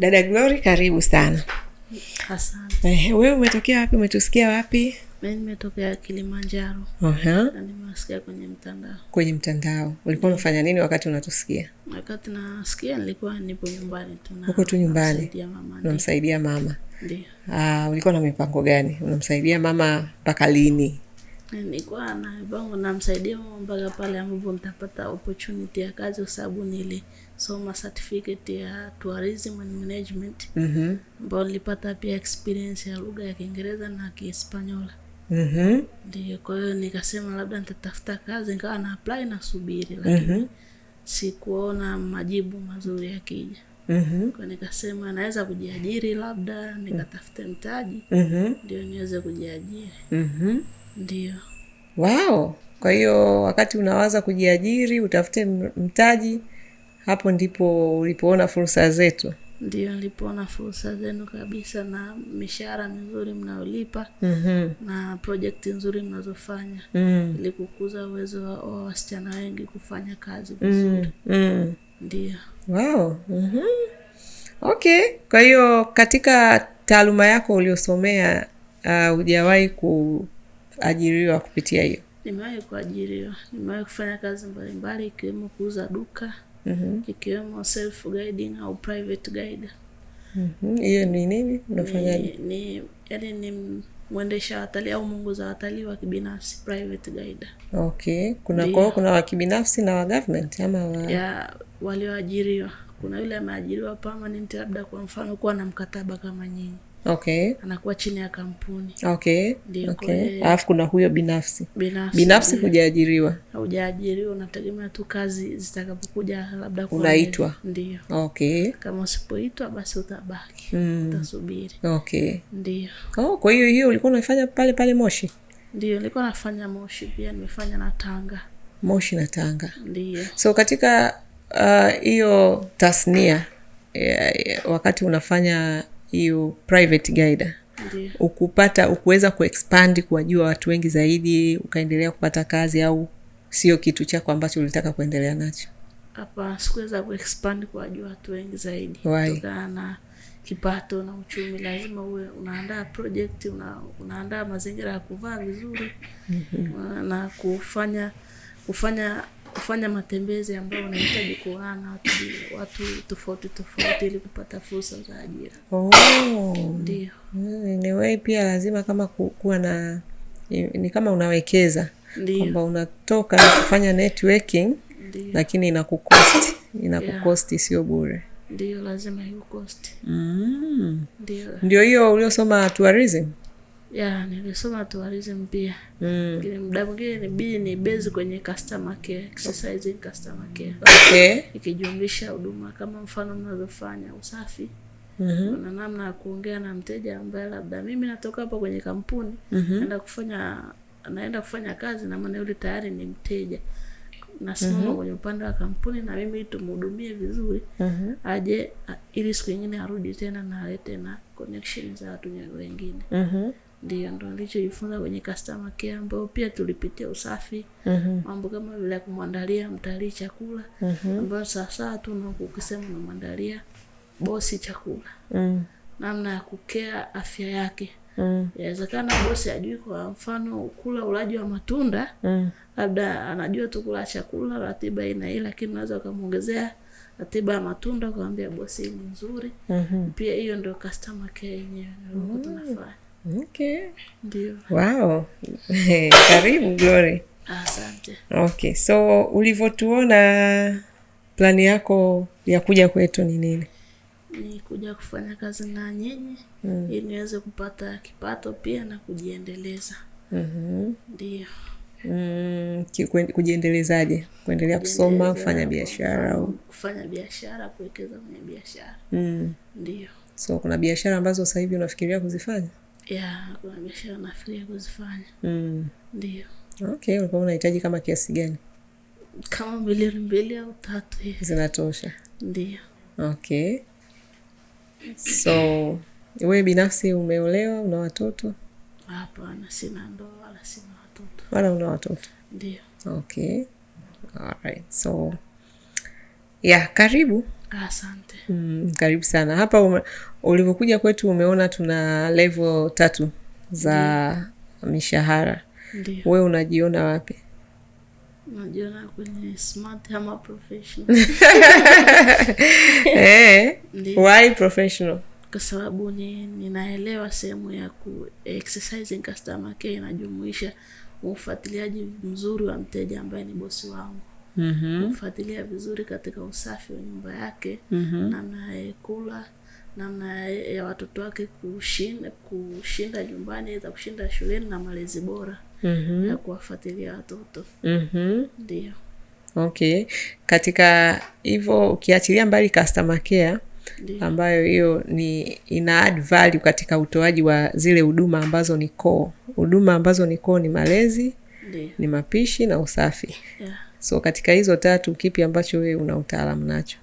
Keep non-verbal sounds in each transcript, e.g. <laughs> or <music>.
Dada Glory, karibu sana. Asante. Eh, wewe umetokea wapi? Umetusikia wapi? Mimi nimetokea Kilimanjaro. Uh-huh. Na nimesikia kwenye mtandao. Kwenye mtandao. Ulikuwa mm. unafanya nini wakati unatusikia? Wakati nasikia nilikuwa nipo nyumbani tu na tu nyumbani. Unamsaidia mama. Ndio. Ah, ulikuwa na mipango gani? Unamsaidia mama mpaka lini? nilikuwa na mpango namsaidia mama mpaka pale ambapo nitapata opportunity ya kazi, kwa sababu nilisoma certificate ya tourism and management mhm. ambayo mm -hmm. nilipata pia experience ya lugha ya Kiingereza na Kihispanyola mhm. ndio mm -hmm. Kwa hiyo nikasema labda nitatafuta kazi, nikawa na apply na subiri, lakini mm -hmm. sikuona majibu mazuri yakija. Mm Nikasema naweza kujiajiri labda nikatafute mtaji mm -hmm. ndio niweze kujiajiri mm -hmm. Ndio wao. Kwa hiyo wakati unawaza kujiajiri utafute mtaji, hapo ndipo ulipoona fursa zetu? Ndio, nilipoona fursa zenu kabisa, na mishahara mizuri mnayolipa mm -hmm. na projekti nzuri mnazofanya mm -hmm. ili kukuza uwezo wa wasichana wengi kufanya kazi mm. vizuri mm -hmm. Ndio. Wow. mm-hmm. Okay, kwa hiyo katika taaluma yako uliosomea uh, uh, kuajiriwa kupitia hiyo? Nimewahi kuajiriwa, nimewahi kufanya kazi mbalimbali ikiwemo kuuza duka mm -hmm. ikiwemo self guiding au private guide. mm hiyo -hmm. ni nini unafanya Ni, ni, yani ni mwendesha watalii au mungu za watalii wa kibinafsi private guide. Okay, kuna kwao, kuna wa kibinafsi na wa government ama wa... ya walioajiriwa. Kuna yule ameajiriwa permanent, labda kwa mfano kuwa na mkataba kama nyinyi Okay. Anakuwa chini ya kampuni. Okay. Ndiyo okay. Alafu kuna huyo binafsi. Binafsi. Binafsi hujaajiriwa. Hujaajiriwa, unategemea tu kazi zitakapokuja labda unaitwa. ndio Okay. Kama usipoitwa basi utabaki. Mm. Utasubiri. Okay. ndio Oh, kwa hiyo hiyo ulikuwa unaifanya pale pale Moshi? Ndio, nilikuwa nafanya Moshi pia nimefanya na Tanga. Moshi na Tanga. ndio. So katika hiyo uh, tasnia yeah, yeah, wakati unafanya hiyo private guide yeah. ukupata ukuweza kuexpand kuwajua watu wengi zaidi ukaendelea kupata kazi au sio kitu chako ambacho ulitaka kuendelea nacho hapa sikuweza kuexpand kuwajua watu wengi zaidi kutokana na kipato na uchumi lazima uwe unaandaa project una, unaandaa mazingira ya kuvaa vizuri mm-hmm. na kufanya kufanya kufanya matembezi ambayo unahitaji kuwa na watu, watu tofauti tofauti ili kupata fursa za ajira. Oh. Ndio hmm, niwei pia lazima kama kuwa na ni kama unawekeza kwamba unatoka na kufanya networking Ndiyo. Lakini inakukosti inakukosti yeah. Sio bure ndio, lazima ikukosti mm. Ndio hiyo uliosoma tourism ya nilisoma tourism pia mm. Mda mwingine nibidi ni bezi kwenye customer care, exercising customer care okay. Ikijumlisha huduma kama mfano mnazofanya usafi mm-hmm. kuna mm -hmm. namna ya kuongea na mteja ambaye labda mimi natoka hapa kwenye kampuni mm -hmm. naenda kufanya naenda kufanya kazi na maana yule tayari ni mteja nasimama mm -hmm. kwenye upande wa kampuni na mimi tumhudumie vizuri mm -hmm. aje ili siku nyingine arudi tena na alete na connection za watu wengine mm -hmm ndio ndo nilichojifunza kwenye customer care, ambayo pia tulipitia usafi, mhm. mambo mm -hmm. kama vile ya kumwandalia mtalii chakula mm -hmm. ambayo sasa tu ukisema unamwandalia bosi chakula mm. namna ya kukea afya yake Mm. Yawezekana bosi ajui, kwa mfano kula ulaji wa matunda mm. labda anajua tu kula chakula ratiba ina hii, lakini unaweza ukamwongezea ratiba ya matunda, ukawambia bosi ni nzuri mm -hmm. pia hiyo ndio customer care yenyewe mm -hmm. tunafanya Okay. <laughs> Karibu Glory. Asante. Okay. So ulivyotuona plani yako ya kuja kwetu ni nini? Ni kuja kufanya kazi na nyinyi mm. ili niweze kupata kipato pia na kujiendeleza. mm -hmm. Ndio. Mm, kujiendelezaje? Kuendelea kusoma, kufanya biashara au kufanya biashara, kuwekeza kwenye biashara? mm. Ndio. So kuna biashara ambazo sasa hivi unafikiria kuzifanya? kuna biashara nafikiria kuzifanya mm. Ndio. Okay, ulikuwa unahitaji kama kiasi gani? Kama milioni mbili au tatu hivi. Zinatosha? Ndio. Okay, so wewe binafsi umeolewa, una watoto? Hapana, sina ndoa wala sina watoto. Wala una watoto? Ndio. Okay, alright, so yeah, karibu Asante. Mm, karibu sana hapa. Ulivyokuja kwetu umeona tuna level tatu za Ndiyo. mishahara. Ndiyo. We unajiona wapi? Najiona kwenye smart ama professional. <laughs> Eh, why professional? Kwa sababu ni ninaelewa sehemu ya ku customer care inajumuisha ufuatiliaji mzuri wa mteja ambaye ni bosi wangu mm -hmm. kumfuatilia vizuri katika usafi wa nyumba yake mm -hmm. namna ya namna ya watoto wake kushinda kushinda nyumbani za kushinda shuleni na malezi bora mm -hmm. ya kuwafuatilia watoto mm -hmm. ndio okay katika hivyo ukiachilia mbali customer care Ndiyo. ambayo hiyo ni ina add value katika utoaji wa zile huduma ambazo ni core. Huduma ambazo ni core ni malezi Ndiyo. ni mapishi na usafi yeah. So katika hizo tatu, kipi ambacho wewe una utaalam nacho?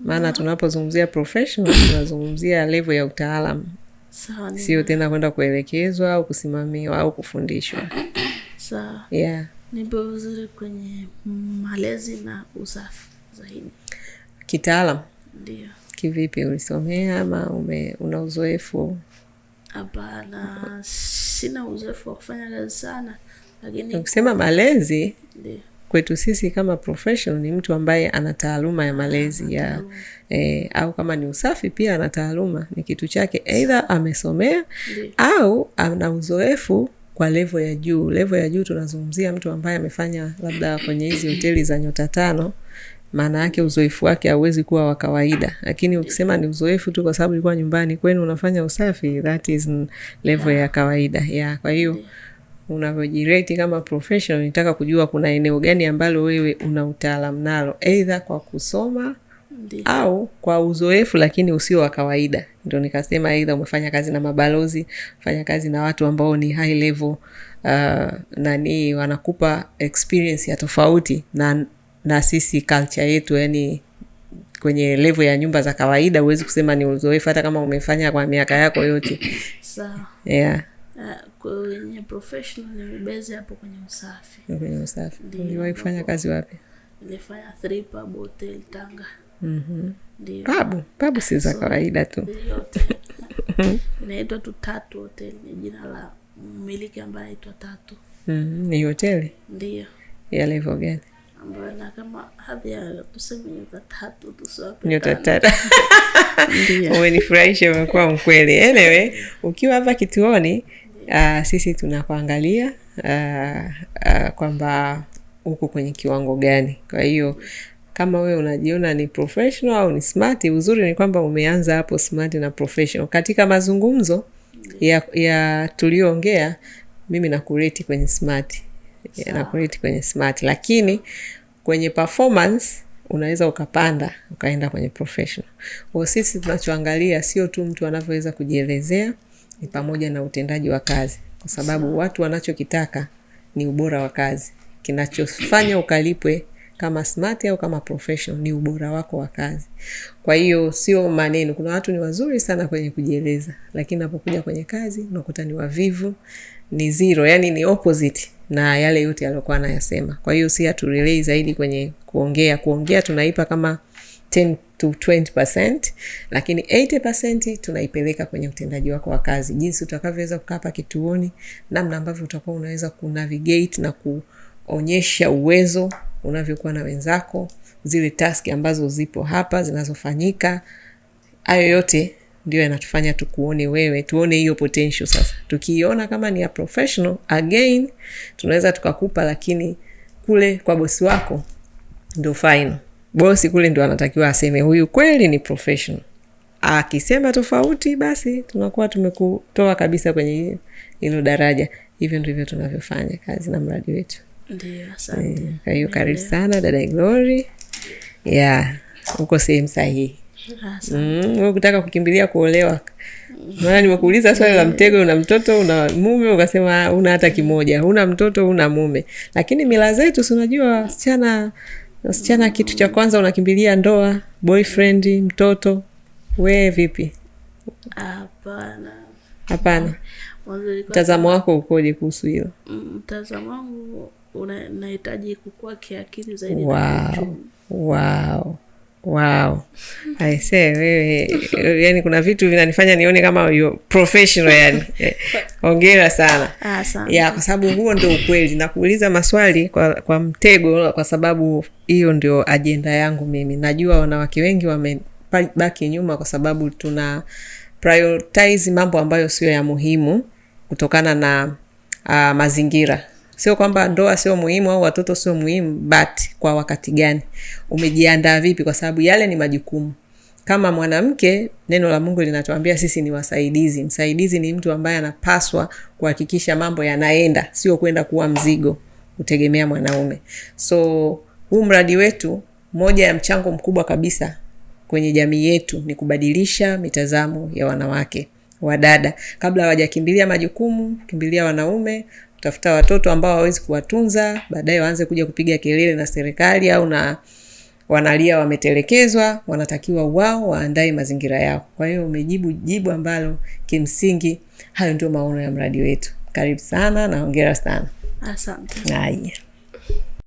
Maana tunapozungumzia professional tunazungumzia level ya utaalam sio tena kwenda kuelekezwa au kusimamiwa au kufundishwa. <clears throat> Sawa. Yeah. Nipo vizuri kwenye malezi na usafi zaidi. Kitaalam? Ndio. Kivipi, ulisomea ama ume, una uzoefu? Hapana, sina uzoefu wa kufanya kazi sana, lakini ukisema malezi Ndio kwetu sisi kama profession ni mtu ambaye ana taaluma ya malezi ya eh, au kama ni usafi pia ana taaluma, ni kitu chake, aidha amesomea au ana uzoefu kwa levo ya juu. Levo ya juu tunazungumzia mtu ambaye amefanya labda kwenye hizi hoteli za nyota tano maana yake uzoefu wake hauwezi kuwa wa kawaida, lakini ukisema ni uzoefu tu kwa sababu ilikuwa nyumbani kwenu unafanya usafi, that is level ya kawaida ya. Kwa hiyo yeah unavyojireti kama professional, nitaka kujua kuna eneo gani ambalo wewe una utaalamu nalo, aidha kwa kusoma Ndi. au kwa uzoefu lakini usio wa kawaida. Ndo nikasema aidha umefanya kazi na mabalozi, fanya kazi na watu ambao ni high level uh, nani wanakupa experience ya tofauti na, na sisi culture yetu yani kwenye level ya nyumba za kawaida huwezi kusema ni uzoefu, hata kama umefanya kwa miaka yako yote. Sawa. Yeah. Uh, kwa wenye professional ni mbeze hapo kwenye usafi. Kwenye usafi. Uliwahi kufanya kazi wapi? Nilifanya three pub hotel Tanga. Mhm. Pub, pub si za kawaida tu. <laughs> Inaitwa tu Tatu Hotel, ni jina la mmiliki ambaye anaitwa Tatu. Mhm. ni hoteli? Ndio. Ya level gani? ambayo na kama hadhi ya tuseme nyota tatu tu tusiwape nyota tatu. <laughs> Umenifurahisha, umekuwa mkweli. Anyway, ukiwa hapa kituoni uh, sisi tunakuangalia uh, uh, kwamba uko kwenye kiwango gani. Kwa hiyo kama wewe unajiona ni professional au ni smart, uzuri ni kwamba umeanza hapo smart na professional. Katika mazungumzo ya, ya tulioongea, mimi nakureti kwenye smart, nakureti kwenye smart, lakini kwenye performance unaweza ukapanda ukaenda kwenye professional. Kwa sisi tunachoangalia sio tu mtu anavyoweza kujielezea ni pamoja na utendaji wa kazi, kwa sababu watu wanachokitaka ni ubora wa kazi. Kinachofanya ukalipwe kama smart au kama professional ni ubora wako wa kazi. Kwa hiyo sio maneno. Kuna watu ni wazuri sana kwenye kujieleza, lakini napokuja kwenye kazi unakuta ni wavivu, ni zero, yani ni opposite na yale yote aliyokuwa anayasema. Kwa hiyo si haturelei zaidi kwenye kuongea. Kuongea tunaipa kama 10 to 20%, lakini 80% tunaipeleka kwenye utendaji wako wa kazi, jinsi utakavyoweza kukaa hapa kituoni, namna ambavyo utakuwa unaweza kunavigate na kuonyesha uwezo unavyokuwa na wenzako, zile taski ambazo zipo hapa zinazofanyika. Hayo yote ndio yanatufanya tukuone wewe, tuone hiyo potential. Sasa tukiiona kama ni a professional, again tunaweza tukakupa, lakini kule kwa bosi wako ndio final bosi kule ndo anatakiwa aseme huyu kweli ni professional. Akisema tofauti, basi tunakuwa tumekutoa kabisa kwenye hilo daraja. Hivyo ndivyo tunavyofanya kazi na mradi wetu. Eh, kwa hiyo karibu sana dada Glory, ya yeah, uko sehemu sahihi. Mm, kutaka kukimbilia kuolewa maana nimekuuliza swali la mtego, una mtoto una mume, ukasema ah, una hata kimoja, una mtoto una mume. Lakini mila zetu, si unajua wasichana Wasichana kitu cha kwanza unakimbilia ndoa, boyfriend, mtoto. Wee vipi? Hapana, hapana. Mtazamo wako ukoje kuhusu hilo? Mtazamo wangu nahitaji kukua kiakili zaidi. Wow. Wow. Wow. wewe yani, kuna vitu vinanifanya nione kama ongera professional yani. <laughs> sana. Ah, asante. Ya, kwa sababu huo ndio ukweli. Nakuuliza maswali kwa, kwa mtego kwa sababu hiyo ndio ajenda yangu mimi. Najua wanawake wengi wamebaki nyuma kwa sababu tuna prioritize mambo ambayo sio ya muhimu kutokana na uh, mazingira Sio kwamba ndoa sio muhimu au watoto sio muhimu, but kwa wakati gani? Umejiandaa vipi? Kwa sababu yale ni majukumu. Kama mwanamke, neno la Mungu linatuambia sisi ni wasaidizi. Msaidizi ni mtu ambaye anapaswa kuhakikisha mambo yanaenda, sio kwenda kuwa mzigo, kutegemea mwanaume. So huu mradi wetu, moja ya mchango mkubwa kabisa kwenye jamii yetu ni kubadilisha mitazamo ya wanawake wadada, kabla hawajakimbilia majukumu, kimbilia wanaume, kutafuta watoto ambao hawawezi kuwatunza, baadaye waanze kuja kupiga kelele na serikali au na wanalia wametelekezwa, wanatakiwa wao waandae mazingira yao. Kwa hiyo umejibu jibu ambalo kimsingi hayo ndio maono ya mradi wetu. Karibu sana na hongera sana, asante.